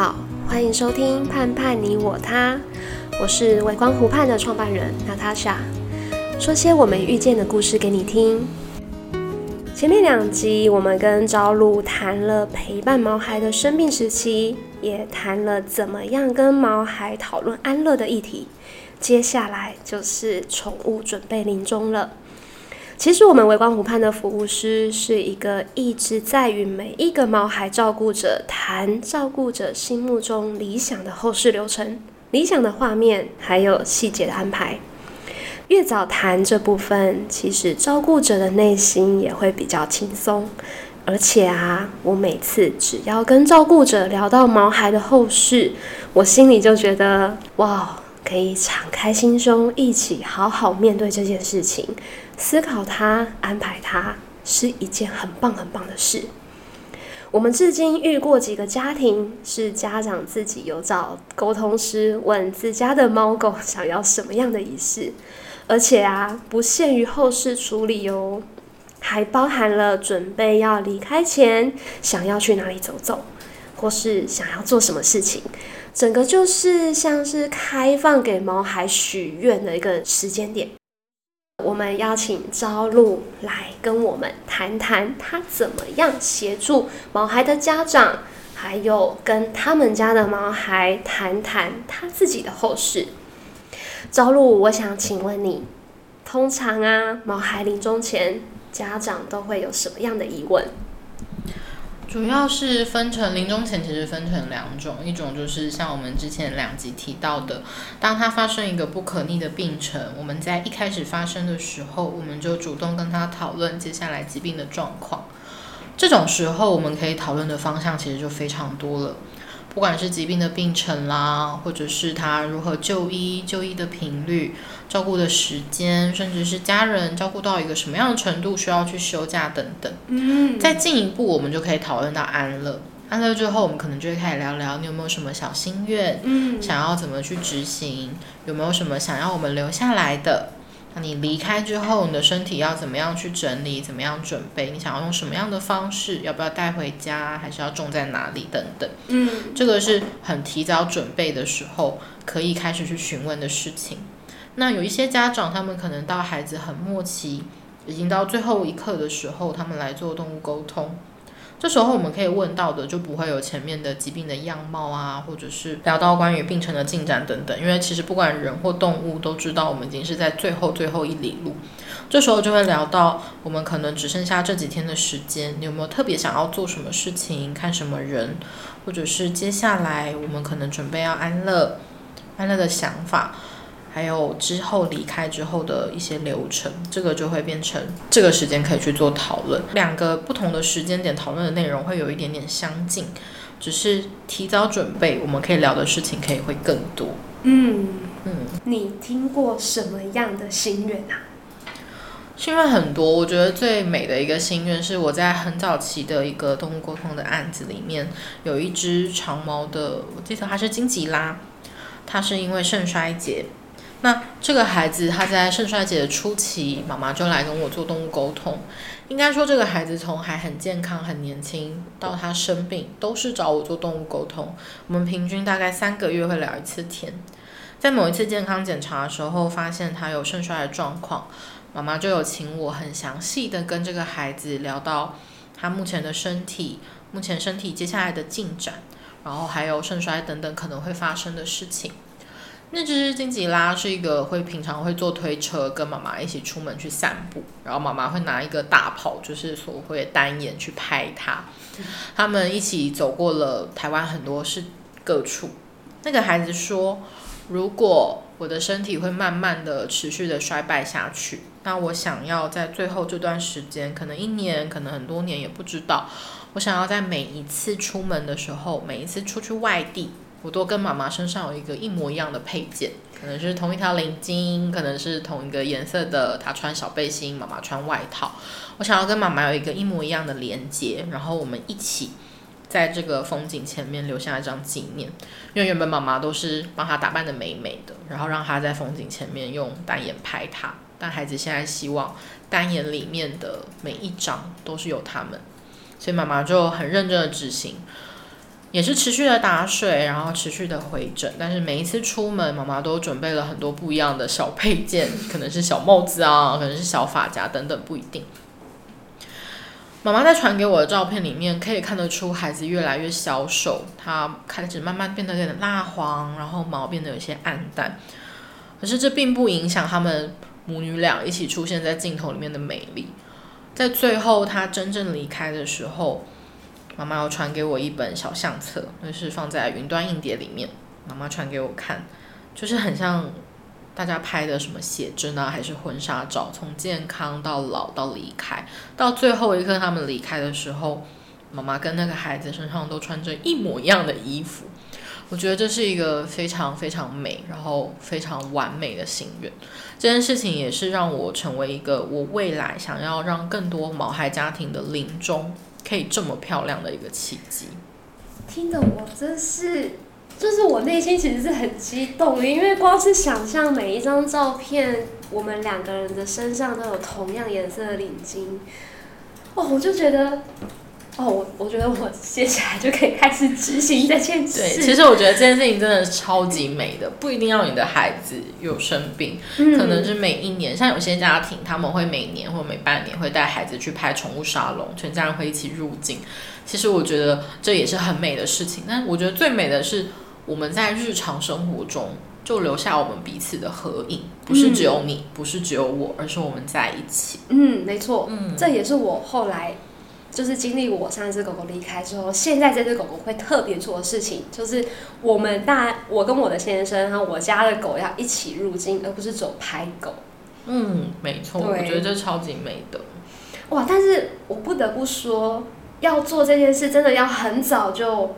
好，歡迎收聽《盼盼你我他》，我是微光湖盼的創辦人娜塔莎，說些我們遇見的故事給你聽。前面兩集我們跟朝鹿談了陪伴毛孩的生病時期，也談了怎麼樣跟毛孩討論安樂的議題。接下來就是寵物準備臨終了。其實，我們微光湖盼的服務師是一個一直在與每一個毛孩照顧者談照顧者心目中理想的後事流程、理想的畫面，還有細節的安排。越早談這部分，其實照顧者的內心也會比較輕鬆。而且啊，我每次只要跟照顧者聊到毛孩的後事，我心裡就覺得哇。可以敞開心胸，一起好好面對這件事情，思考它，安排它，是一件很棒很棒的事。我們至今遇過幾個家庭，是家長自己有找溝通師，問自家的貓狗想要什麼樣的儀式，而且啊，不限於後事處理哦，還包含了準備要離開前想要去哪裡走走，或是想要做什麼事情。整個就是像是開放給毛孩許願的一個時間點，我們邀請朝鹿來跟我們談談，他怎麼樣協助毛孩的家長，還有跟他們家的毛孩談談他自己的後事。朝鹿，我想請問你，通常啊，毛孩臨終前，家長都會有什麼樣的疑問？主要是分成，臨終前，其實分成兩種，一種就是像我們之前兩集提到的，當他發生一個不可逆的病程，我們在一開始發生的時候，我們就主動跟他討論接下來疾病的狀況，這種時候我們可以討論的方向其實就非常多了。不管是疾病的病程啦，或者是他如何就醫、就醫的頻率、照顧的時間，甚至是家人照顧到一個什麼樣的程度，需要去休假等等。嗯，再進一步，我們就可以討論到安樂。安樂之後，我們可能就會開始聊聊你有沒有什麼小心願，嗯，想要怎麼去執行，有沒有什麼想要我們留下來的。你離開之後，你的身體要怎麼樣去整理？怎麼樣準備？你想要用什麼樣的方式？要不要帶回家？還是要種在哪裡？等等。嗯，這個是很提早準備的時候可以開始去詢問的事情。那有一些家長，他們可能到孩子很末期，已經到最後一刻的時候，他們來做動物溝通。這時候我們可以問到的就不會有前面的疾病的樣貌啊，或者是聊到關於病程的進展等等。因為其實不管人或動物都知道，我們已經是在最後最後一里路。這時候就會聊到我們可能只剩下這幾天的時間，你有沒有特別想要做什麼事情、看什麼人，或者是接下來我們可能準備要安樂、安樂的想法。還有之後離開之後的一些流程，這個就會變成這個時間可以去做討論。兩個不同的時間點討論的內容會有一點點相近，只是提早準備，我們可以聊的事情可以會更多。嗯嗯，你聽過什麼樣的心願啊？心願很多，我覺得最美的一個心願是我在很早期的一個動物溝通的案子裡面，有一隻長毛的，我記得它是金吉拉，它是因為腎衰竭。那這個孩子他在腎衰竭的初期，媽媽就來跟我做動物溝通。應該說，這個孩子從還很健康、很年輕到他生病，都是找我做動物溝通。我們平均大概三個月會聊一次天。在某一次健康檢查的時候，發現他有腎衰的狀況，媽媽就有請我很詳細的跟這個孩子聊到他目前的身體、目前身體接下來的進展，然後還有腎衰等等可能會發生的事情。那隻金吉拉是一個會平常會坐推車跟媽媽一起出門去散步，然後媽媽會拿一個大炮，就是所謂的單眼去拍他。他們一起走過了台灣很多事，各處。那個孩子說：“如果我的身體會慢慢的持續的衰敗下去，那我想要在最後這段時間，可能一年，可能很多年也不知道，我想要在每一次出門的時候，每一次出去外地。”我都跟媽媽身上有一個一模一樣的配件，可能是同一條領巾，可能是同一個顏色的。她穿小背心，媽媽穿外套。我想要跟媽媽有一個一模一樣的連接，然後我們一起在這個風景前面留下一張紀念。因為原本媽媽都是幫她打扮得美美的，然後讓她在風景前面用單眼拍她。但孩子現在希望單眼裡面的每一張都是有他們，所以媽媽就很認真的執行。也是持續的打水，然後持續的回診，但是每一次出門，媽媽都準備了很多不一樣的小配件，可能是小帽子啊，可能是小髮夾等等，不一定。媽媽在傳給我的照片裡面，可以看得出孩子越來越消瘦，她開始慢慢變得有點蠟黃，然後毛變得有些暗淡。可是這並不影響她們母女倆一起出現在鏡頭裡面的美麗。在最後她真正離開的時候。媽媽要傳給我一本小相冊，那、就是放在雲端硬碟裡面。媽媽傳給我看，就是很像大家拍的什麼寫真啊，還是婚紗照，從健康到老到離開，到最後一刻他們離開的時候，媽媽跟那個孩子身上都穿着一模一樣的衣服。我覺得這是一個非常非常美，然後非常完美的心願。這件事情也是讓我成為一個我未來想要讓更多毛孩家庭的臨終。可以這麼漂亮的一個契機，聽得我真是，就是我內心其實是很激動的，因為光是想象每一張照片，我們兩個人的身上都有同樣顏色的領巾，哦，我就覺得。哦，oh, 我我覺得我接下來就可以開始執行這件事情。 對，其實我覺得這件事情真的超級美的，不一定要你的孩子有生病，嗯、可能是每一年，像有些家庭他們會每年或每半年會帶孩子去拍寵物沙龍，全家人會一起入境。其實我覺得這也是很美的事情。但我覺得最美的是我們在日常生活中就留下我們彼此的合影，嗯、不是只有你，不是只有我，而是我們在一起。嗯，沒錯，嗯，這也是我後來。就是經歷我上一只狗狗離開之後，現在這只狗狗會特別做的事情，就是我們大我跟我的先生和，我家的狗要一起入境，而不是走拍狗。嗯，沒錯，對我覺得這超級美的。哇，但是我不得不說，要做這件事真的要很早就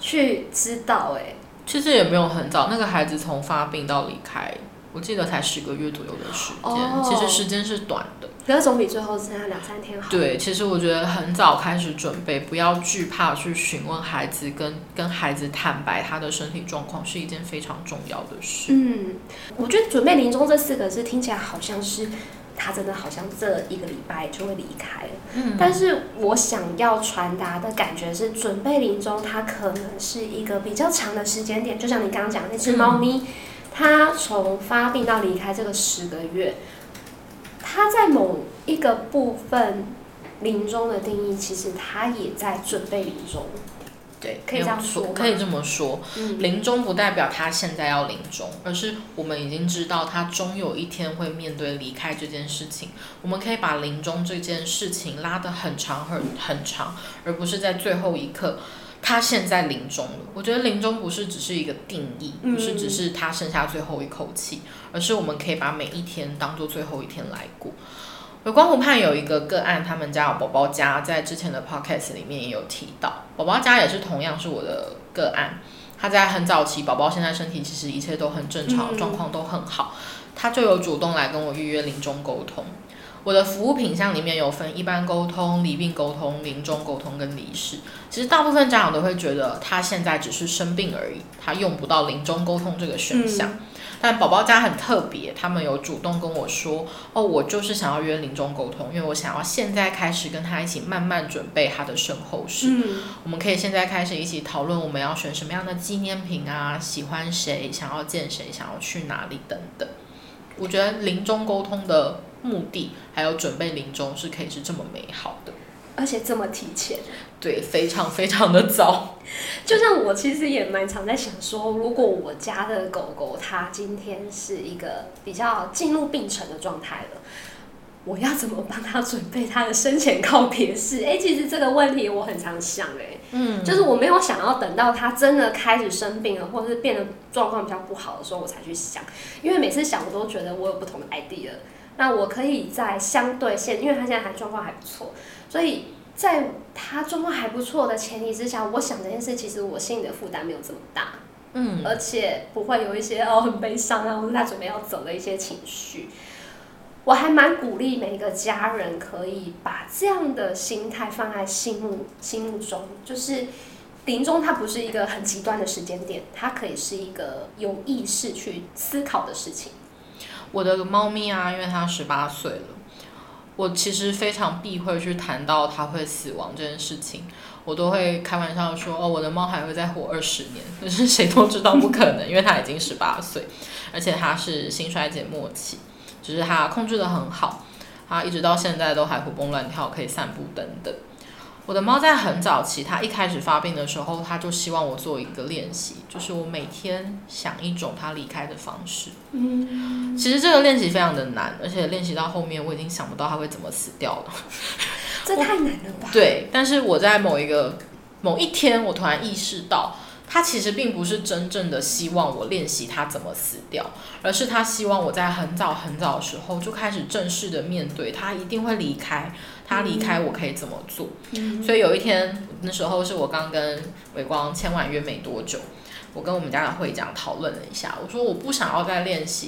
去知道、欸。哎，其實也沒有很早，那個孩子從發病到離開，我記得才十個月左右的時間，oh, 其實時間是短的。那比最後剩下兩三天好。對，其實我覺得很早開始準備，不要懼怕去詢問孩子，跟跟孩子坦白他的身體狀況是一件非常重要的事。嗯，我覺得準備臨終這四個字聽起來好像是他真的好像這一個禮拜就會離開了。嗯，但是我想要傳達的感覺是，準備臨終，它可能是一個比較長的時間點。就像你剛剛講那只貓咪，它從、嗯、發病到離開這個十個月。他在某一個部分，臨終的定義，其實他也在準備臨終。對，可以這樣說，可以這麼說，嗯、臨終不代表他現在要臨終，而是我們已經知道他終有一天會面對離開這件事情。我們可以把臨終這件事情拉得很長很很長，而不是在最後一刻。他現在臨終了，我覺得臨終不是只是一個定義，不是只是他剩下最後一口氣，而是我們可以把每一天當做最後一天來過。微光湖盼有一個個案，他們家寶寶家在之前的 podcast 裡面也有提到，寶寶家也是同樣是我的個案，他在很早期，寶寶現在身體其實一切都很正常，狀況都很好，他就有主動來跟我預約臨終溝通。我的服務品項裡面有分一般溝通、罹病溝通、臨終溝通跟離世。其實大部分家長都會覺得他現在只是生病而已，他用不到臨終溝通這個選項。嗯、但寶寶家很特別，他們有主動跟我說：“哦，我就是想要約臨終溝通，因為我想要現在開始跟他一起慢慢準備他的身後事。嗯、我們可以現在開始一起討論我們要選什麼樣的紀念品啊，喜歡誰，想要見誰，想要去哪裡等等。”我覺得臨終溝通的。目的還有準備臨終是可以是這麼美好的，而且這麼提前，對，非常非常的早。就像我其實也蠻常在想說，如果我家的狗狗它今天是一個比較進入病程的狀態了，我要怎麼幫它準備它的生前告別式？哎、欸，其實這個問題我很常想哎、欸，嗯，就是我沒有想要等到它真的開始生病了，或者是變得狀況比較不好的時候，我才去想，因為每次想我都覺得我有不同的 idea。那我可以在相對先，因為他現在還狀況還不錯，所以在他狀況還不錯的前提之下，我想這件事其實我心裡的負擔沒有這麼大，嗯，而且不會有一些哦很悲傷啊，然後他準備要走的一些情緒。嗯、我還蠻鼓勵每一個家人可以把這樣的心態放在心目心目中，就是臨終它不是一個很極端的時間點，它可以是一個有意識去思考的事情。我的貓咪啊，因為它十八歲了，我其實非常避諱去談到它會死亡這件事情。我都會開玩笑說，哦，我的貓還會再活二十年，可、就是誰都知道不可能， 因為它已經十八歲，而且它是心衰竭末期，只是它控制得很好，它一直到現在都還活蹦亂跳，可以散步等等。我的貓在很早期，它一開始發病的時候，它就希望我做一個練習，就是我每天想一種它離開的方式。嗯，其實這個練習非常的難，而且練習到後面，我已經想不到它會怎麼死掉了。這太難了吧？對，但是我在某一個某一天，我突然意識到，它其實並不是真正的希望我練習它怎麼死掉，而是它希望我在很早很早的時候就開始正式的面對，它一定會離開。他離開，我可以怎麼做？嗯嗯、所以有一天，那時候是我剛跟微光簽完約沒多久，我跟我們家的會講討論了一下，我說我不想要再練習，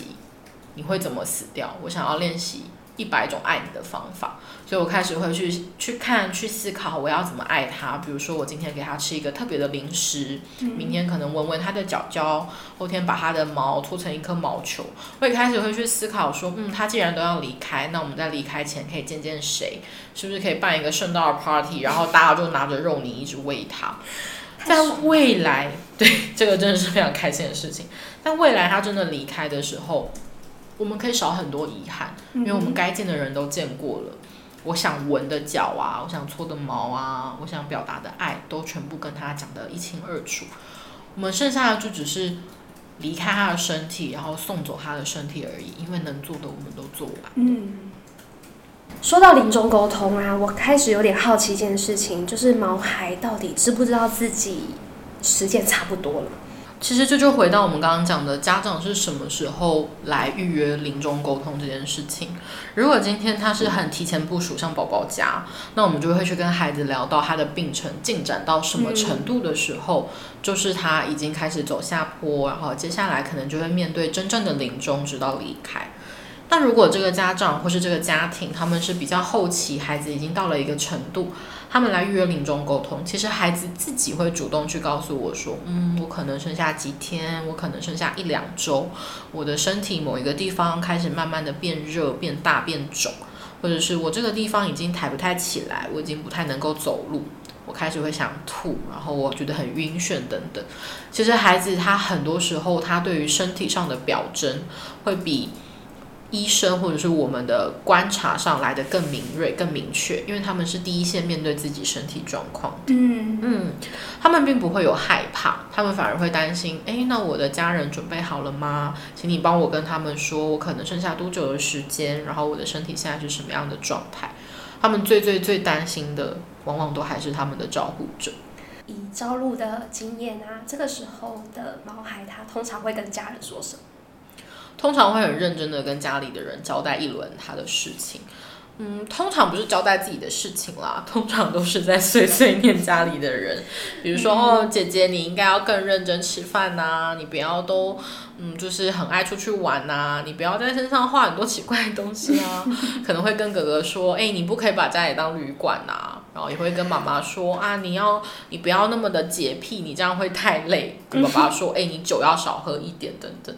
你會怎麼死掉？我想要練習。一百種愛你的方法，所以我開始會去去看，去思考我要怎麼愛他。比如說，我今天給他吃一個特別的零食，嗯、明天可能聞聞他的腳腳，後天把他的毛搓成一顆毛球。我也開始會去思考說，嗯，他既然都要離開，那我們在離開前可以見見誰？是不是可以辦一個盛大的 party？然後大家就拿着肉泥一直餵他。在、啊、未來，對這個真的是非常開心的事情。 但未來他真的離開的時候。我們可以少很多遺憾，因為我們該見的人都見過了。嗯、哼我想聞的腳啊，我想搓的毛啊，我想表達的愛，都全部跟他講得一清二楚。我們剩下的就只是離開他的身體，然後送走他的身體而已。因為能做的我們都做完了。嗯，說到臨終溝通啊，我開始有點好奇一件事情，就是毛孩到底知不知道自己時間差不多了？其實這就回到我們剛剛講的，家長是什麼時候來預約臨終溝通這件事情。如果今天他是很提前部署上寶寶家，那我們就會去跟孩子聊到他的病程進展到什麼程度的時候，就是他已經開始走下坡，然後接下來可能就會面對真正的臨終，直到離開。但如果這個家長或是這個家庭，他們是比較後期，孩子已經到了一個程度。他們來預約臨終溝通，其實孩子自己會主動去告訴我說，嗯，我可能剩下幾天，我可能剩下一兩周，我的身體某一個地方開始慢慢的變熱、變大、變腫，或者是我這個地方已經抬不太起來，我已經不太能夠走路，我開始會想吐，然後我覺得很暈眩等等。其實孩子他很多時候他對於身體上的表徵會比。醫生或者是我們的觀察上來的更敏銳、更明確，因為他們是第一線面對自己身體狀況。嗯嗯，他們並不會有害怕，他們反而會擔心。哎、欸，那我的家人準備好了嗎？請你幫我跟他們說，我可能剩下多久的時間，然後我的身體現在是什麼樣的狀態？他們最最最擔心的，往往都還是他們的照顧者。以朝鹿的經驗啊，這個時候的毛孩，他通常會跟家人說什麼？通常會很認真的跟家裡的人交代一輪他的事情，嗯，通常不是交代自己的事情啦，通常都是在碎碎念家裡的人，比如說哦，姐姐你應該要更認真吃飯吶，你不要都嗯，就是很愛出去玩吶，你不要在身上畫很多奇怪的東西啊， 可能會跟哥哥說，哎，你不可以把家裡當旅館吶，然後也會跟媽媽說啊，你要你不要那麼的潔癖，你這樣會太累，跟爸爸說，哎，你酒要少喝一點等等。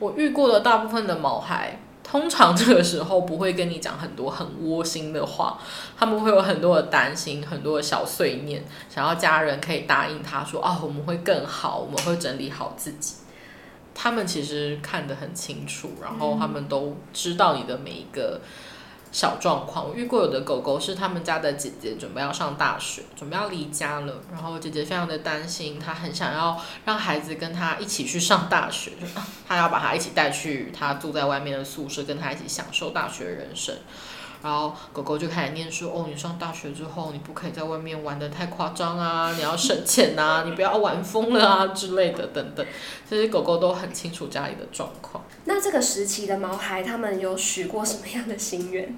我遇過的大部分的毛孩，通常這個時候不會跟你講很多很窩心的話，他們會有很多的擔心，很多的小碎念，想要家人可以答應他說：“啊、哦，我們會更好，我們會整理好自己。”他們其實看得很清楚，然後他們都知道你的每一個。小狀況，我遇過有的狗狗是他們家的姐姐準備要上大學，準備要離家了，然後姐姐非常的擔心，她很想要讓孩子跟她一起去上大學，她要把她一起帶去她住在外面的宿舍，跟她一起享受大學人生，然後狗狗就開始念書哦你上大學之後你不可以在外面玩得太誇張啊，你要省錢啊， 你不要玩瘋了啊之類的等等，其實狗狗都很清楚家裡的狀況。那這個時期的毛孩，他們有許過什麼樣的心願？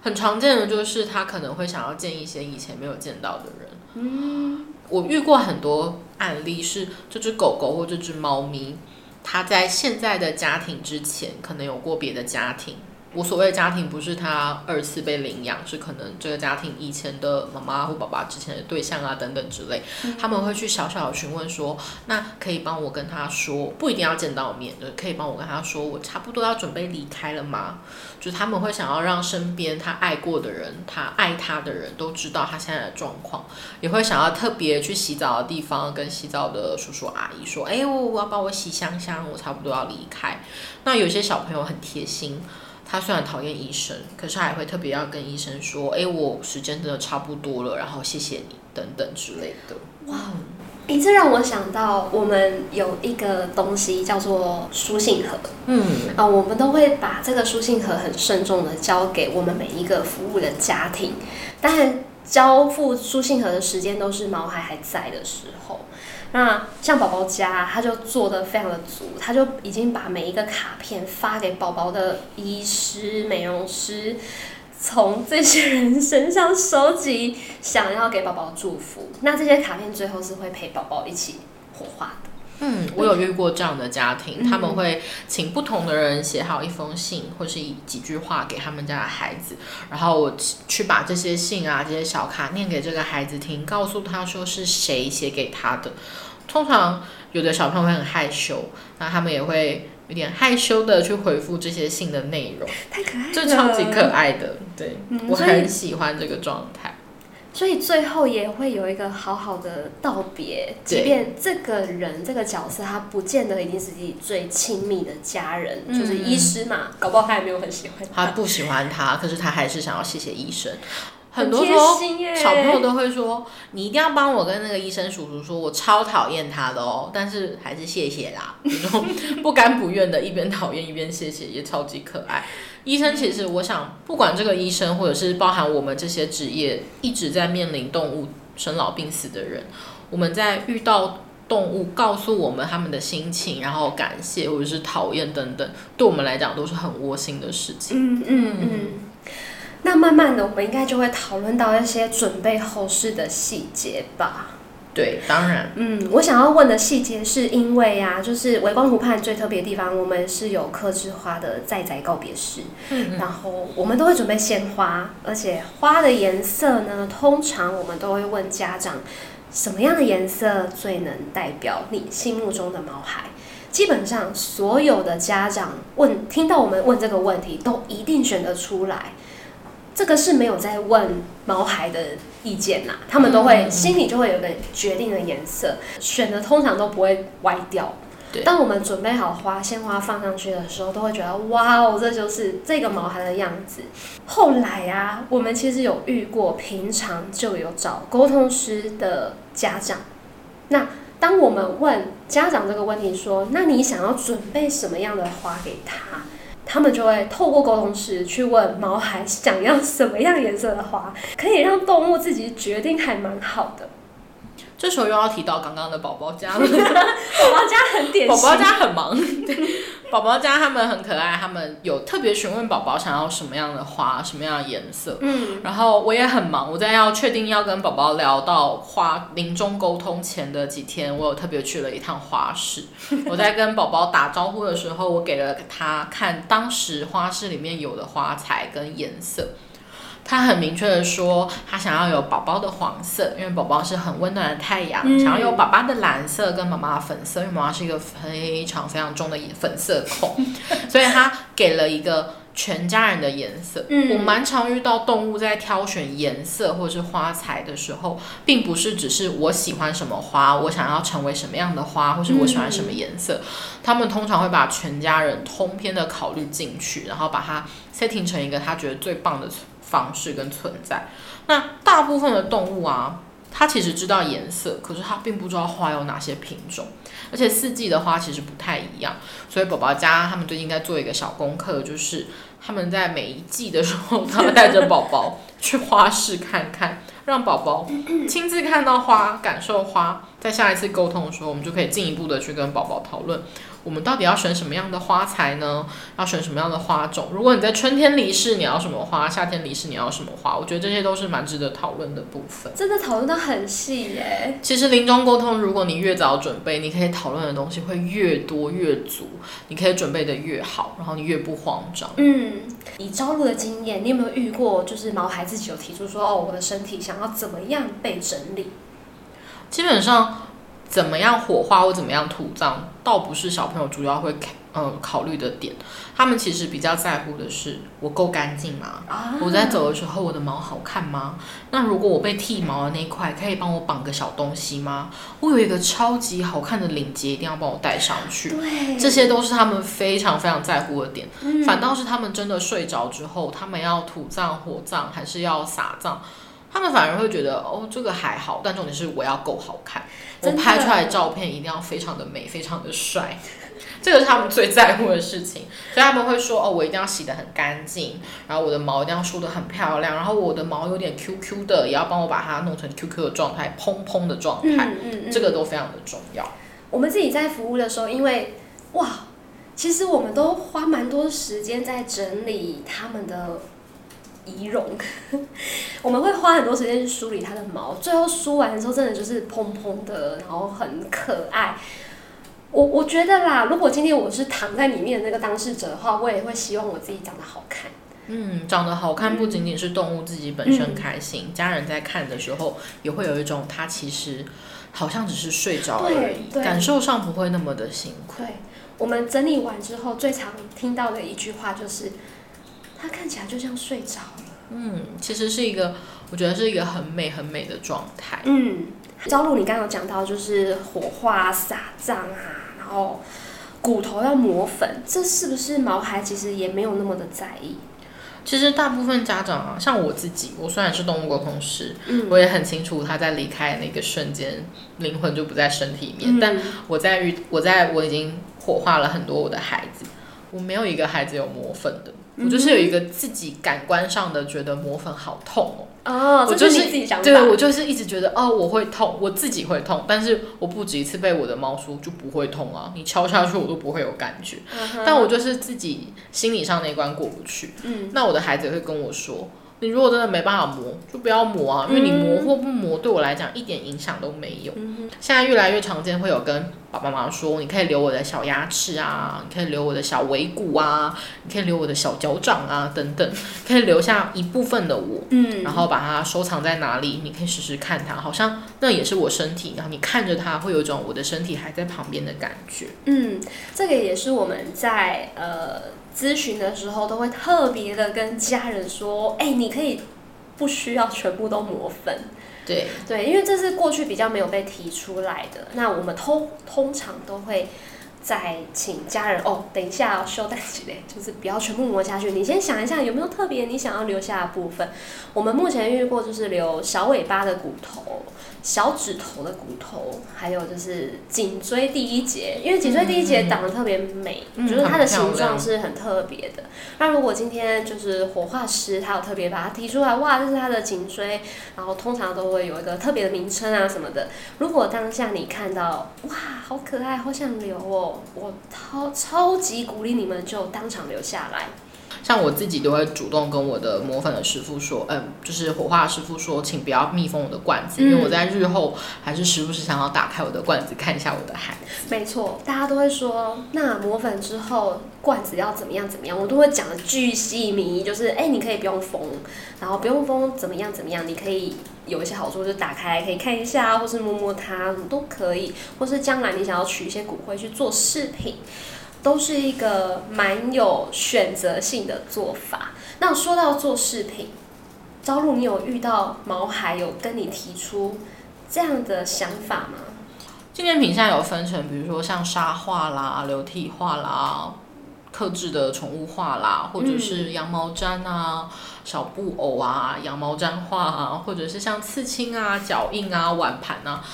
很常見的就是，他可能會想要見一些以前沒有見到的人。嗯，我遇過很多案例，是這只狗狗或這只貓咪，它在現在的家庭之前，可能有過別的家庭。我所謂的家庭不是他二次被領養，是可能這個家庭以前的媽媽或爸爸之前的對象啊等等之類，他們會去小小的詢問說，那可以幫我跟他說，不一定要見到面的，就可以幫我跟他說，我差不多要準備離開了嗎？就是他們會想要讓身邊他愛過的人，他愛他的人都知道他現在的狀況，也會想要特別去洗澡的地方跟洗澡的叔叔阿姨說，哎、欸，我我要幫我洗香香，我差不多要離開。那有些小朋友很貼心。他雖然討厭醫生，可是他還會特別要跟醫生說：“欸、我時間真的差不多了，然後謝謝你，等等之類的。”哇，你這讓我想到，我們有一個東西叫做書信盒，嗯，啊、呃，我們都會把這個書信盒很慎重的交給我們每一個服務的家庭，當然交付書信盒的時間都是毛孩還在的時候。那像寶寶家啊，他就做得非常的足，他就已經把每一個卡片發給寶寶的醫師、美容師，從這些人身上收集想要給寶寶祝福。那這些卡片最後是會陪寶寶一起火化的。嗯，我有遇過這樣的家庭，啊嗯、他們會請不同的人寫好一封信，或是以幾句話給他們家的孩子，然後我去把這些信啊、這些小卡念給這個孩子聽，告訴他說是誰寫給他的。通常有的小朋友會很害羞，那他們也會有點害羞的去回復這些信的內容，太可愛了，就超級可愛的。對，我很喜歡這個狀態。所以最後也會有一個好好的道別，即便這個人這個角色他不見得一定是自己最親密的家人，對就是醫師嘛，嗯、搞不好他也沒有很喜歡他。他不喜歡他，可是他還是想要謝謝醫生。很多時候小朋友都會說：“你一定要幫我跟那個醫生叔叔說，我超討厭他的哦、喔，但是還是謝謝啦。”這種不甘不願的一邊討厭一邊謝謝，也超級可愛。醫生其實，我想，不管這個醫生，或者是包含我們這些職業，一直在面臨動物生老病死的人，我們在遇到動物，告訴我們他們的心情，然後感謝或者是討厭等等，對我們來講都是很窩心的事情。嗯嗯嗯。那慢慢的，我們應該就會討論到一些準備後事的細節吧。對，當然。嗯，我想要問的細節是因為啊，就是微光湖盼最特別的地方，我們是有客製化的在宅告別式。嗯，嗯，然後我們都會準備鮮花，而且花的顏色呢，通常我們都會問家長什麼樣的顏色最能代表你心目中的毛孩。基本上所有的家長問聽到我們問這個問題，都一定選得出來。這個是沒有在問毛孩的意見啦，他們都會心裡就會有個決定的顏色，嗯、選的通常都不會歪掉。對當我們準備好花，鮮花放上去的時候，都會覺得，哇哦，這就是這個毛孩的樣子。後來啊，我們其實有遇過，平常就有找溝通師的家長。那當我們問家長這個問題說，說那你想要準備什麼樣的花給他？他們就會透過溝通師去問毛孩想要什麼樣顏色的花，可以讓動物自己決定，還蠻好的。這時候又要提到剛剛的寶寶家了， 寶寶家很典型， 寶寶家很忙 。寶寶家他們很可愛，他們有特別詢問寶寶想要什麼樣的花，什麼樣的顏色。嗯，然後我也很忙，我在要確定要跟寶寶聊到花臨終溝通前的幾天，我有特別去了一趟花市。我在跟寶寶打招呼的時候，我給了他看當時花市裡面有的花材跟顏色。他很明確的說，他想要有寶寶的黃色，因為寶寶是很溫暖的太陽；想要有爸爸的藍色跟媽媽的粉色，因為媽媽是一個非常非常重的粉色控，所以他給了一個全家人的顏色。 我蠻常遇到動物在挑選顏色或是花材的時候，並不是只是我喜歡什麼花，我想要成為什麼樣的花，或是我喜歡什麼顏色， 他們通常會把全家人通篇的考慮進去，然後把它 setting 成一個他覺得最棒的。方式跟存在，那大部分的動物啊，它其實知道顏色，可是它並不知道花有哪些品種，而且四季的花其實不太一樣。所以寶寶家他們就應該做一個小功課，就是他們在每一季的時候，他們帶着寶寶去花市看看，讓寶寶親自看到花，感受花，在下一次溝通的時候，我們就可以進一步的去跟寶寶討論。我們到底要選什麼樣的花材呢？要選什麼樣的花種？如果你在春天離世，你要什麼花？夏天離世，你要什麼花？我覺得這些都是蠻值得討論的部分。真的討論得很細耶。其實臨終溝通，如果你越早準備，你可以討論的東西會越多越足，你可以準備得越好，然後你越不慌張。嗯，以朝鹿的經驗，你有沒有遇過，就是毛孩自己有提出說，哦，我的身體想要怎麼樣被整理？基本上。怎麼樣火化或怎麼樣土葬，倒不是小朋友主要會考呃、嗯、考慮的點，他們其實比較在乎的是我夠乾淨嗎？啊、我在走的時候我的毛好看嗎？那如果我被剃毛的那一塊，嗯、可以幫我綁個小東西嗎？我有一個超級好看的領結，一定要幫我戴上去。對這些都是他們非常非常在乎的點。嗯、反倒是他們真的睡着之後，他們要土葬、火葬，還是要撒葬？他們反而會覺得哦，這個還好，但重點是我要夠好看，啊、我拍出來的照片一定要非常的美，非常的帥，這個是他們最在乎的事情， 所以他們會說哦，我一定要洗得很乾淨，然後我的毛一定要梳得很漂亮，然後我的毛有點 Q Q 的，也要幫我把它弄成 Q Q 的狀態，蓬蓬的狀態，嗯嗯嗯、這個都非常的重要。我們自己在服務的時候，因為哇，其實我們都花蠻多的時間在整理他們的。儀容， 我們會花很多時間去梳理它的毛，最後梳完之後真的就是蓬蓬的，然後很可愛。我我覺得啦，如果今天我是躺在裡面的那個當事者的話，我也會希望我自己長得好看。嗯，長得好看不僅僅是動物自己本身開心，嗯嗯、家人在看的時候也會有一種它其實好像只是睡着了而已，對對感受上不會那麼的辛苦。對，我們整理完之後最常聽到的一句話就是。他看起來就像睡着了。嗯，其實是一個，我覺得是一個很美很美的狀態。嗯，朝鹿，你剛剛有講到就是火化、撒葬啊，然後骨頭要磨粉，這是不是毛孩其實也沒有那麼的在意？其實大部分家長啊，像我自己，我雖然是動物溝通師，嗯，我也很清楚他在離開的那個瞬間，靈魂就不在身體裡面。但我在於，我在我已經火化了很多我的孩子，我沒有一個孩子有磨粉的。Mm hmm. 我就是有一個自己感官上的覺得磨粉好痛哦，啊，oh, 我就是，是自己想，對，我就是一直覺得哦，我會痛，我自己會痛，但是我不止一次被我的貓說就不會痛啊，你敲下去我都不會有感覺，mm hmm. 但我就是自己心理上那一關過不去，嗯，mm hmm. 那我的孩子也會跟我說，你如果真的沒辦法磨，就不要磨啊，因為你磨或不磨對我來講一點影響都沒有，mm hmm. 現在越來越常見會有跟。爸爸媽媽說：“你可以留我的小牙齒啊，你可以留我的小尾骨啊，你可以留我的小腳掌啊，等等，可以留下一部分的我，嗯，然後把它收藏在哪裡？你可以時時看它，好像那也是我身體。然後你看着它，會有一種我的身體還在旁邊的感覺。”嗯，這個也是我們在呃諮詢的時候都會特別的跟家人說：“哎，你可以不需要全部都磨粉。”對對，因為這是過去比較沒有被提出來的。那我們通通常都會再請家人哦，等一下要休息嘞，就是不要全部磨下去。你先想一下有沒有特別你想要留下的部分。我們目前遇過就是留小尾巴的骨頭。小指頭的骨頭，還有就是頸椎第一節，因為頸椎第一節長得特別美，嗯、就是它的形狀是很特別的。那、嗯、如果今天就是火化師他有特別把它提出來，哇，這是他的頸椎，然後通常都會有一個特別的名稱啊什麼的。如果當下你看到，哇，好可愛，好想留哦，我超超級鼓勵你們就當場留下來。像我自己都會主動跟我的磨粉的師傅說，嗯，就是火化師傅說，請不要密封我的罐子，嗯、因為我在日後還是時不時想要打開我的罐子看一下我的骸。沒錯，大家都會說，那磨粉之後罐子要怎麼樣怎麼樣，我都會講的巨細靡遺，就是哎，你可以不用封，然後不用封怎麼樣怎麼樣，你可以有一些好處，就是打開可以看一下，或是摸摸它都可以，或是將來你想要取一些骨灰去做飾品，都是一個蠻有選擇性的做法。那說到做飾品，朝鹿，你有遇到毛孩有跟你提出這樣的想法嗎？紀念品現在有分成，比如說像沙畫啦、流體畫啦、客製的寵物畫啦，或者是羊毛氈啊、嗯、小布偶啊、羊毛氈畫啊，或者是像刺青啊、腳印啊、碗盤啊。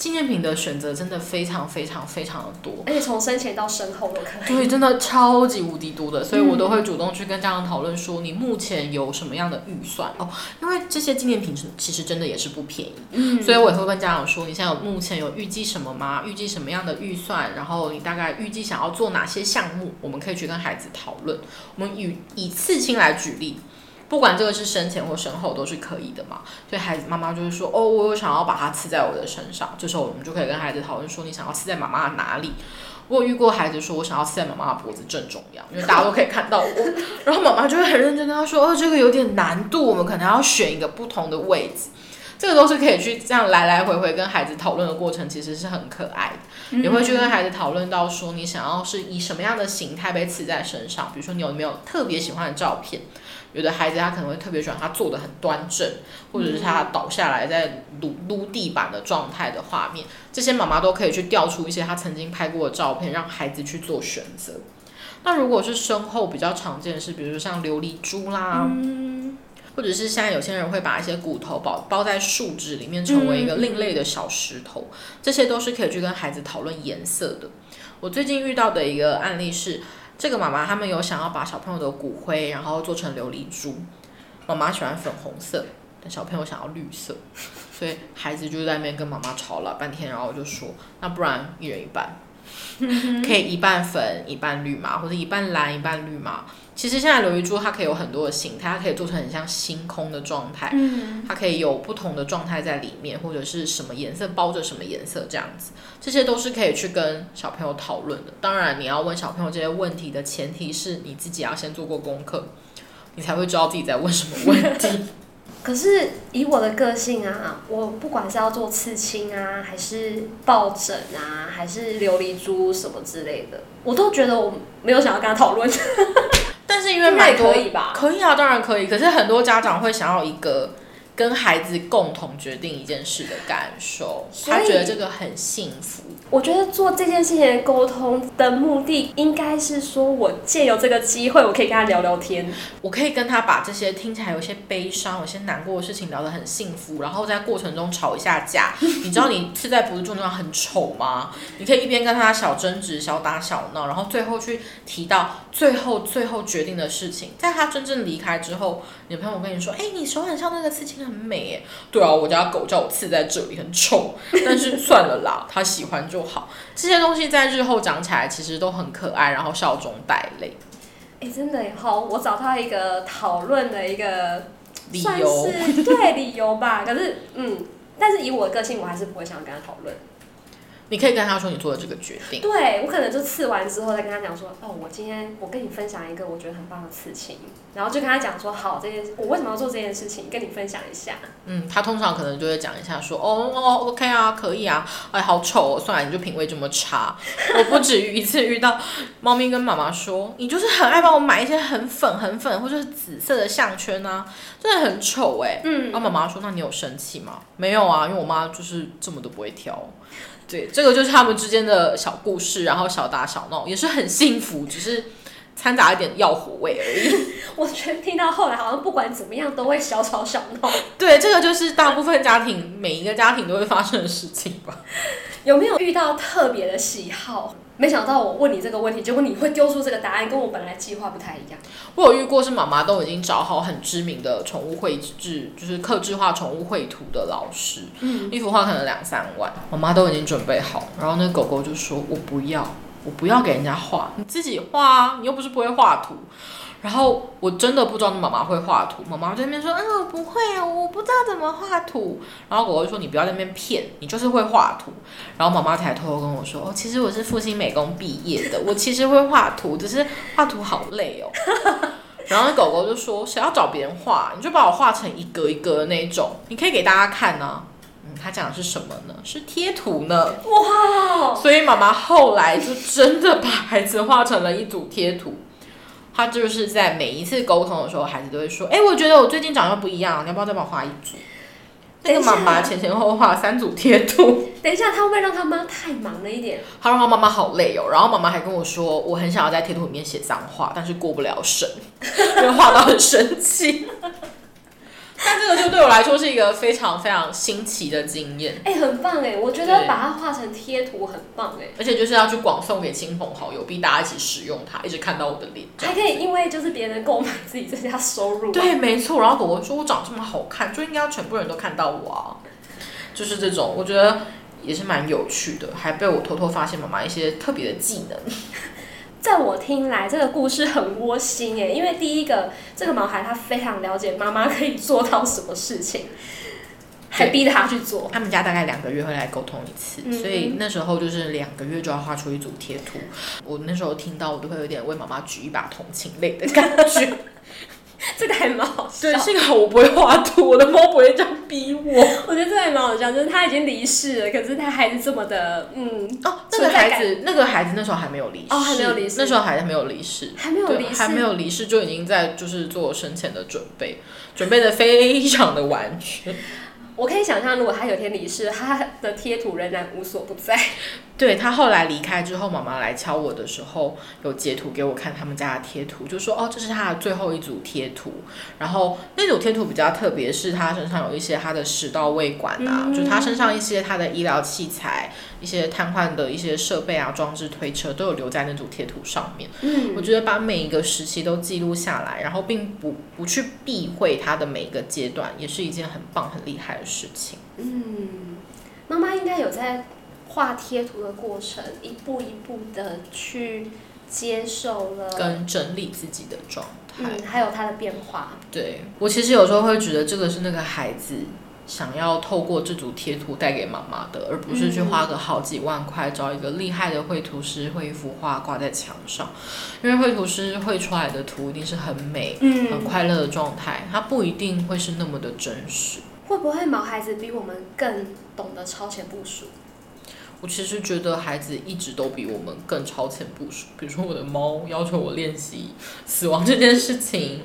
紀念品的選擇真的非常非常非常的多，而且從生前到身後都可以，對，真的超級無敵多的，所以我都會主動去跟家長討論說，你目前有什麼樣的預算哦？因為這些紀念品是其實真的也是不便宜，嗯，所以我也會跟家長說，你現在有目前有預計什麼嗎？預計什麼樣的預算？然後你大概預計想要做哪些項目？我們可以去跟孩子討論。我們以以刺青來舉例。不管這個是生前或身後都是可以的嘛，所以孩子媽媽就是說哦，我有想要把它刺在我的身上。這時候我們就可以跟孩子討論說，你想要刺在媽媽的哪裡？我有遇過孩子說我想要刺在媽媽的脖子正中央，因為大家都可以看到我，哦。然後媽媽就會很認真地說哦，這個有點難度，我們可能要選一個不同的位置。這個都是可以去這樣來來回回跟孩子討論的過程，其實是很可愛的。你會去跟孩子討論到說，你想要是以什麼樣的形態被刺在身上？比如說你有沒有特別喜歡的照片？有的孩子他可能會特別喜歡他坐的很端正，或者是他倒下來在擼擼地板的狀態的畫面，這些媽媽都可以去調出一些他曾經拍過的照片，讓孩子去做選擇。那如果是身後比較常見的是，比如像琉璃珠啦，嗯、或者是現在有些人會把一些骨頭包包在樹脂裡面，成為一個另類的小石頭，這些都是可以去跟孩子討論顏色的。我最近遇到的一個案例是，這個媽媽他們有想要把小朋友的骨灰，然後做成琉璃珠。媽媽喜歡粉紅色，但小朋友想要綠色，所以孩子就在那邊跟媽媽吵了半天，然後就說：“那不然一人一半， 可以一半粉一半綠嘛，或者一半藍一半綠嘛。”其實現在琉璃珠它可以有很多的形態，它可以做成很像星空的狀態，嗯，它可以有不同的狀態在裡面，或者是什麼顏色包着什麼顏色這樣子，這些都是可以去跟小朋友討論的。當然，你要問小朋友這些問題的前提是你自己要先做過功課，你才會知道自己在問什麼問題。 可是以我的個性啊，我不管是要做刺青啊，還是抱枕啊，還是琉璃珠什麼之類的，我都覺得我沒有想要跟他討論。 但是因為買多可以吧？可以啊，當然可以。可是很多家長會想要一個跟孩子共同決定一件事的感受，所以，他覺得這個很幸福。我覺得做這件事情的溝通的目的應該是說，我借由這個機會，我可以跟他聊聊天，我可以跟他把這些聽起來有些悲傷、有些難過的事情聊得很幸福，然後在過程中吵一下架。 你知道你是在不是做那種很醜嗎？ 你可以一邊跟他小爭執、小打小鬧，然後最後去提到最後最後決定的事情。在他真正離開之後，女朋友跟你說：“哎、欸，你手很像那個刺青，很美。”“哎，對啊，我家狗叫我刺在這裡，很醜。”“但是算了啦， 他喜歡就。”好，這些東西在日後講起來其實都很可愛，然後笑中帶淚。哎，欸、真的、欸、好，我找到一個討論的一個理由算是，對理由吧？ 可是，嗯，但是以我的個性，我還是不會想跟他討論。你可以跟他說你做了這個決定。對，我可能就刺完之後再跟他講說，哦，我今天我跟你分享一個我覺得很棒的事情，然後就跟他講說，好，這件我為什麼要做這件事情，跟你分享一下。嗯，他通常可能就會講一下說，哦哦，OK 啊，可以啊，哎，好醜哦，算了，你就品味這麼差。 我不止於一次遇到貓咪跟媽媽說，你就是很愛幫我買一些很粉很粉或者是紫色的項圈啊，真的很醜哎、欸。嗯，然後媽媽說，那你有生氣嗎？沒有啊，因為我媽就是這麼都不會挑。對，這個就是他們之間的小故事，然後小打小鬧，也是很幸福，只是摻雜一點煙火味而已。 我覺得聽到後來，好像不管怎麼樣都會小吵小鬧。對，這個就是大部分家庭 每一個家庭都會發生的事情吧。有沒有遇到特別的喜好？沒想到我問你這個問題，結果你會丟出這個答案，跟我本來計劃不太一樣。我有遇過是媽媽都已經找好很知名的寵物繪製，就是客製化寵物繪圖的老師，嗯，一幅畫可能兩三萬，媽媽都已經準備好，然後那個狗狗就說：“我不要，我不要給人家畫，你自己畫啊，你又不是不會畫圖。”然後我真的不知道媽媽會畫圖，媽媽在那邊說：“嗯，我不會啊，我不知道怎麼畫圖。”然後狗狗就說：“你不要在那邊騙，你就是會畫圖。”然後媽媽才偷偷跟我說：“哦，其實我是復興美工畢業的，我其實會畫圖，只是畫圖好累哦。” 然後那狗狗就說：“誰要找別人畫，你就把我畫成一格一格的那種，你可以給大家看呢、啊。”嗯，他講的是什麼呢？是貼圖呢？哇！所以媽媽後來就真的把孩子畫成了一組貼圖。他就是在每一次溝通的時候，孩子都會說：“哎，我覺得我最近長得不一樣，你要不要再幫我畫一組？”那個媽媽前前後後畫了三組貼圖。等一下，他會不會讓他媽太忙了一點？他讓他媽媽好累哦。然後媽媽還跟我說：“我很想要在貼圖裡面寫髒話，但是過不了審，被畫到很生氣。” 但這個就對我來說是一個非常非常新奇的經驗，哎、欸，很棒。哎、欸，我覺得把它畫成貼圖很棒。哎、欸，而且就是要去廣送給親朋好友，逼大家一起使用它，一直看到我的臉，還可以因為就是別人購買自己增加收入，對，沒錯。然後狗狗說，我長這麼好看，就應該要全部人都看到我啊，就是這種，我覺得也是蠻有趣的，還被我偷偷發現媽媽一些特別的技能。在我聽來，這個故事很窩心哎、欸，因為第一個，這個毛孩他非常了解媽媽可以做到什麼事情，對還逼著他去做。他們家大概兩個月會來溝通一次，嗯嗯，所以那時候就是兩個月就要畫出一組貼圖。我那時候聽到，我都會有點為媽媽舉一把同情淚的感覺。 這個還蠻好笑，對，幸好我不會畫圖，我的貓不會這樣逼我。 我覺得這還蠻好笑，就是他已經離世了，可是他還是這麼的，嗯。哦，那個孩子，那個孩子那時候還沒有離世，哦，還沒有離世，那時候還沒有離世，還沒有離世，還沒有離世就已經在就是做生前的準備，準備的非常的完全。 我可以想象，如果他有天離世，他的貼圖仍然無所不在。對，他後來離開之後，媽媽來敲我的時候，有截圖給我看他們家的貼圖，就說：“哦，這是他的最後一組貼圖。”然後那組貼圖比較特別，是他身上有一些他的食道胃管啊，嗯、就是他身上一些他的醫療器材、一些癱瘓的一些設備啊、裝置推車都有留在那組貼圖上面。嗯，我覺得把每一個時期都記錄下來，然後並不不去避諱他的每一個階段，也是一件很棒很厲害的事。事情，嗯，媽媽應該有在畫貼圖的過程，一步一步的去接受了，跟整理自己的狀態，嗯、還有它的變化。對我其實有時候會覺得，這個是那個孩子想要透過這組貼圖帶給媽媽的，而不是去花個好幾萬塊找一個厲害的繪圖師繪一幅畫掛在牆上，因為繪圖師繪出來的圖一定是很美、嗯、很快樂的狀態，它不一定會是那麼的真實。會不會毛孩子比我們更懂得超前部署？我其實覺得孩子一直都比我們更超前部署。比如說我的貓要求我練習死亡這件事情，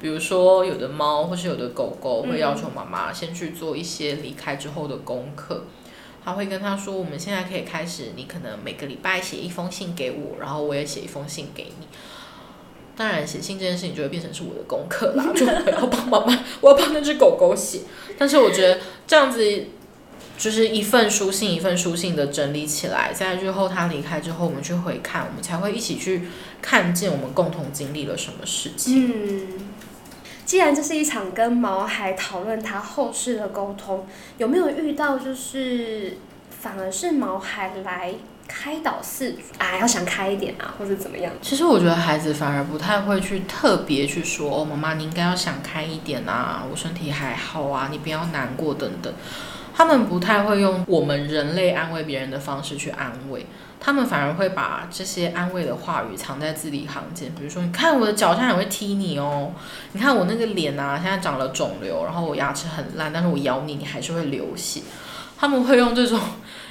比如說有的貓或是有的狗狗會要求媽媽先去做一些離開之後的功課。嗯。他會跟他說：“我們現在可以開始，你可能每個禮拜寫一封信給我，然後我也寫一封信給你。”當然，寫信這件事情就會變成是我的功課啦。就我要幫媽媽， 我要幫那隻狗狗寫。但是我覺得這樣子，就是一份書信，一份書信的整理起來，在日後他離開之後，我們去回看，我們才會一起去看見我們共同經歷了什麼事情。嗯，既然這是一場跟毛孩討論他後事的溝通，有沒有遇到就是反而是毛孩來？開導式啊，要想開一點啊，或者怎麼樣？其實我覺得孩子反而不太會去特別去說，哦，媽媽你應該要想開一點啊，我身體還好啊，你不要難過等等。他們不太會用我們人類安慰別人的方式去安慰，他們反而會把這些安慰的話語藏在字裡行間。比如說，你看我的腳下也會踢你哦，你看我那個臉啊，現在長了腫瘤，然後我牙齒很爛，但是我咬你，你還是會流血。他們會用這種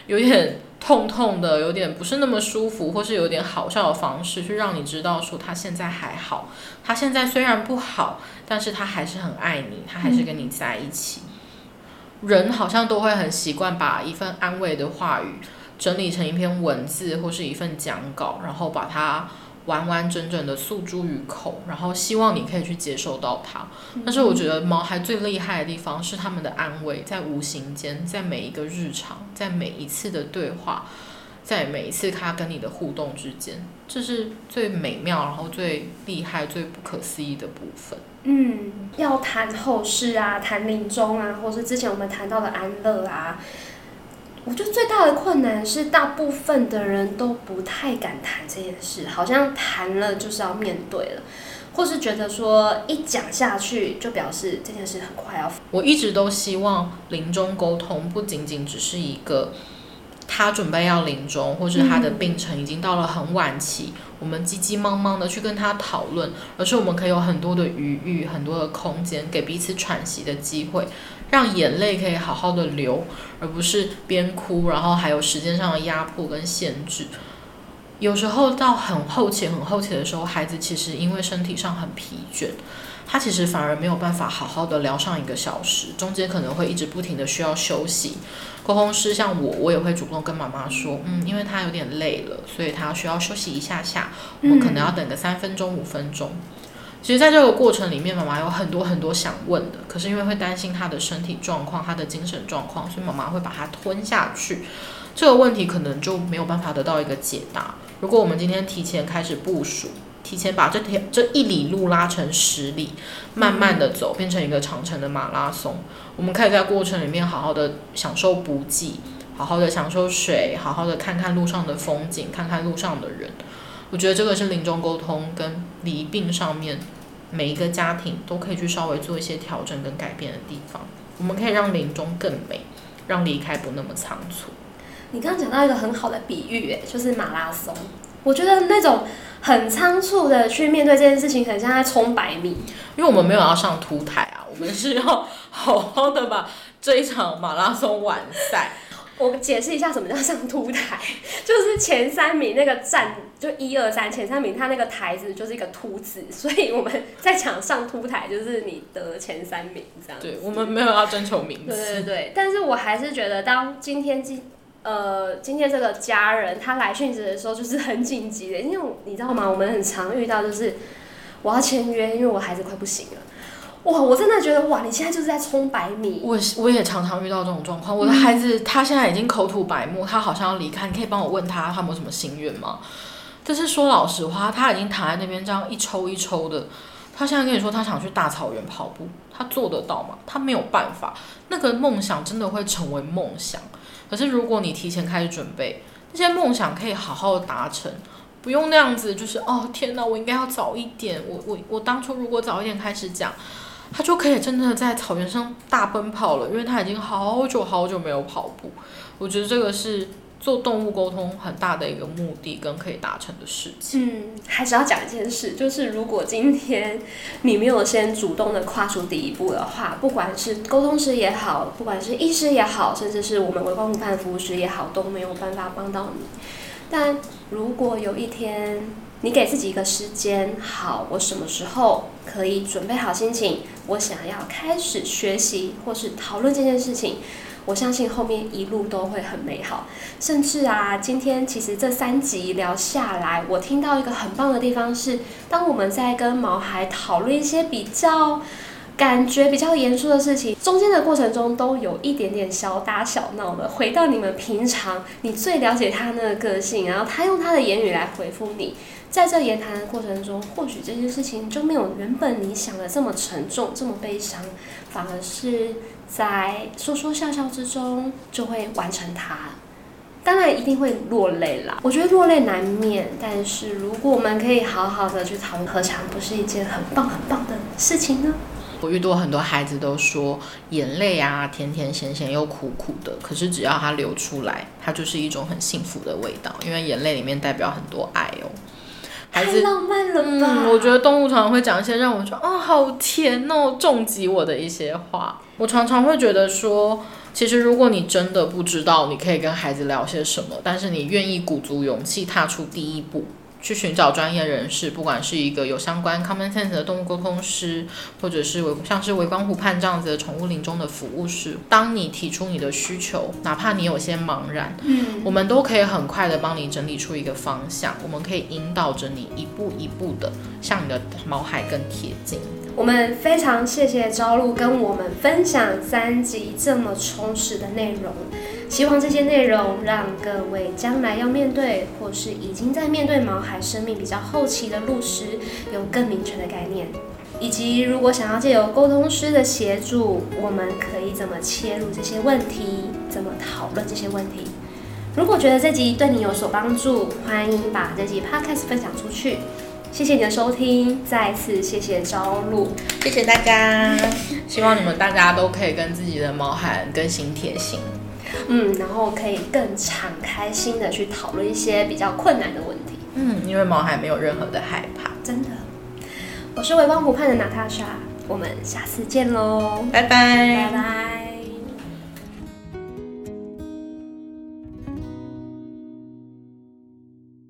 有點。痛痛的，有點不是那麼舒服，或是有點好笑的方式，去讓你知道說他現在還好。他現在雖然不好，但是他還是很愛你，他還是跟你在一起。嗯。人好像都會很習慣把一份安慰的話語整理成一篇文字或是一份講稿，然後把它。完完整整的訴諸於口，然後希望你可以去接受到它。但是我覺得毛孩最厲害的地方是它們的安慰，在無形間，在每一個日常，在每一次的對話，在每一次它跟你的互動之間，這是最美妙，然後最厲害、最不可思議的部分。嗯，要談後事啊，談臨終啊，或是之前我們談到的安樂啊。我覺得最大的困難是，大部分的人都不太敢談這件事，好像談了就是要面對了，或是覺得說一講下去就表示這件事很快要。我一直都希望臨終溝通不僅僅只是一個他準備要臨終，或是他的病程已經到了很晚期，嗯、我們急急忙忙的去跟他討論，而是我們可以有很多的餘裕，很多的空間，給彼此喘息的機會。讓眼淚可以好好的流，而不是邊哭，然後還有時間上的壓迫跟限制。有時候到很後期、很後期的時候，孩子其實因為身體上很疲倦，他其實反而沒有辦法好好的聊上一個小時，中間可能會一直不停的需要休息。溝通師像我，我也會主動跟媽媽說，嗯，因為他有點累了，所以他需要休息一下下，我可能要等個三分鐘、五分鐘。其實，在這個過程裡面，媽媽還有很多很多想問的，可是因為會擔心她的身體狀況、她的精神狀況，所以媽媽會把它吞下去。這個問題可能就沒有辦法得到一個解答。如果我們今天提前開始部署，提前把這條這一里路拉成十里，慢慢的走，變成一個長程的馬拉松，嗯、我們可以在過程裡面好好的享受補給，好好的享受水，好好的看看路上的風景，看看路上的人。我覺得這個是臨終溝通跟。離病上面，每一個家庭都可以去稍微做一些調整跟改變的地方。我們可以讓臨終更美，讓離開不那麼倉促。你剛剛講到一個很好的比喻，就是馬拉松。我覺得那種很倉促的去面對這件事情，很像在衝百米。因為我們沒有要上凸台啊，我們是要好好的把這一場馬拉松完賽。 我解釋一下什麼叫上凸台，就是前三名那個站，就一二三前三名，他那個台子就是一個凸字，所以我們在講上凸台就是你得前三名這樣。對，我們沒有要爭求名次。對對對，但是我還是覺得，當今天今呃今天這個家人他來訊息的時候，就是很緊急的，因為你知道嗎？我們很常遇到就是我要簽約，因為我孩子快不行了。哇，我真的覺得哇，你現在就是在沖白米。我我也常常遇到這種狀況，我的孩子、嗯、他現在已經口吐白沫，他好像要離開。你可以幫我問他，他有什麼心願嗎？但是說老實話，他已經躺在那邊這樣一抽一抽的。他現在跟你說他想去大草原跑步，他做得到嗎？他沒有辦法，那個夢想真的會成為夢想。可是如果你提前開始準備，那些夢想可以好好的達成，不用那樣子就是哦天哪，我應該要早一點。我我我當初如果早一點開始講。他就可以真的在草原上大奔跑了，因為他已經好久好久沒有跑步。我覺得這個是做動物溝通很大的一個目的跟可以達成的事情。嗯，還是要講一件事，就是如果今天你沒有先主動的跨出第一步的話，不管是溝通師也好，不管是醫師也好，甚至是我們微光湖盼服務師也好，都沒有辦法幫到你。但如果有一天，你給自己一個時間，好，我什麼時候可以準備好心情？我想要開始學習或是討論這件事情。我相信後面一路都會很美好。甚至啊，今天其實這三集聊下來，我聽到一個很棒的地方是，當我們在跟毛孩討論一些比較感覺比較嚴肅的事情，中間的過程中都有一點點小打小鬧的。回到你們平常，你最了解他那個個性，然後他用他的言語來回覆你，在這言談的過程中，或許這件事情就沒有原本你想的這麼沉重，這麼悲傷，反而是在說說笑笑之中就會完成它。當然一定會落淚啦，我覺得落淚難免，但是如果我們可以好好的去討論，何嘗不是一件很棒很棒的事情呢？我遇到很多孩子都說眼淚啊，甜甜鹹鹹又苦苦的。可是只要它流出來，它就是一種很幸福的味道，因為眼淚裡面代表很多愛哦。孩子太浪漫了吧，嗯？我覺得動物常常會講一些讓我說啊、哦，好甜哦，重擊我的一些話。我常常會覺得說，其實如果你真的不知道，你可以跟孩子聊些什麼，但是你願意鼓足勇氣踏出第一步，去尋找專業人士，不管是一個有相關 common sense 的動物溝通師，或者是像是微光湖盼這樣子的寵物臨終的服務師。當你提出你的需求，哪怕你有些茫然，嗯，我們都可以很快的幫你整理出一個方向，我們可以引導着你一步一步的向你的毛孩更貼近。我們非常謝謝朝鹿跟我們分享三集這麼充實的內容。希望這些內容讓各位將來要面對，或是已經在面對毛孩生命比較後期的路時，有更明確的概念。以及如果想要借由溝通師的協助，我們可以怎麼切入這些問題，怎麼討論這些問題。如果覺得這集對你有所幫助，歡迎把這集 Podcast 分享出去。謝謝你的收聽，再次謝謝朝鹿，謝謝大家。 希望你們大家都可以跟自己的毛孩更新貼心。嗯，然後可以更敞開心的去討論一些比較困難的問題。嗯，因為毛孩沒有任何的害怕，真的。我是微光湖畔的娜塔莎，我們下次見嘍，拜拜 bye，拜拜。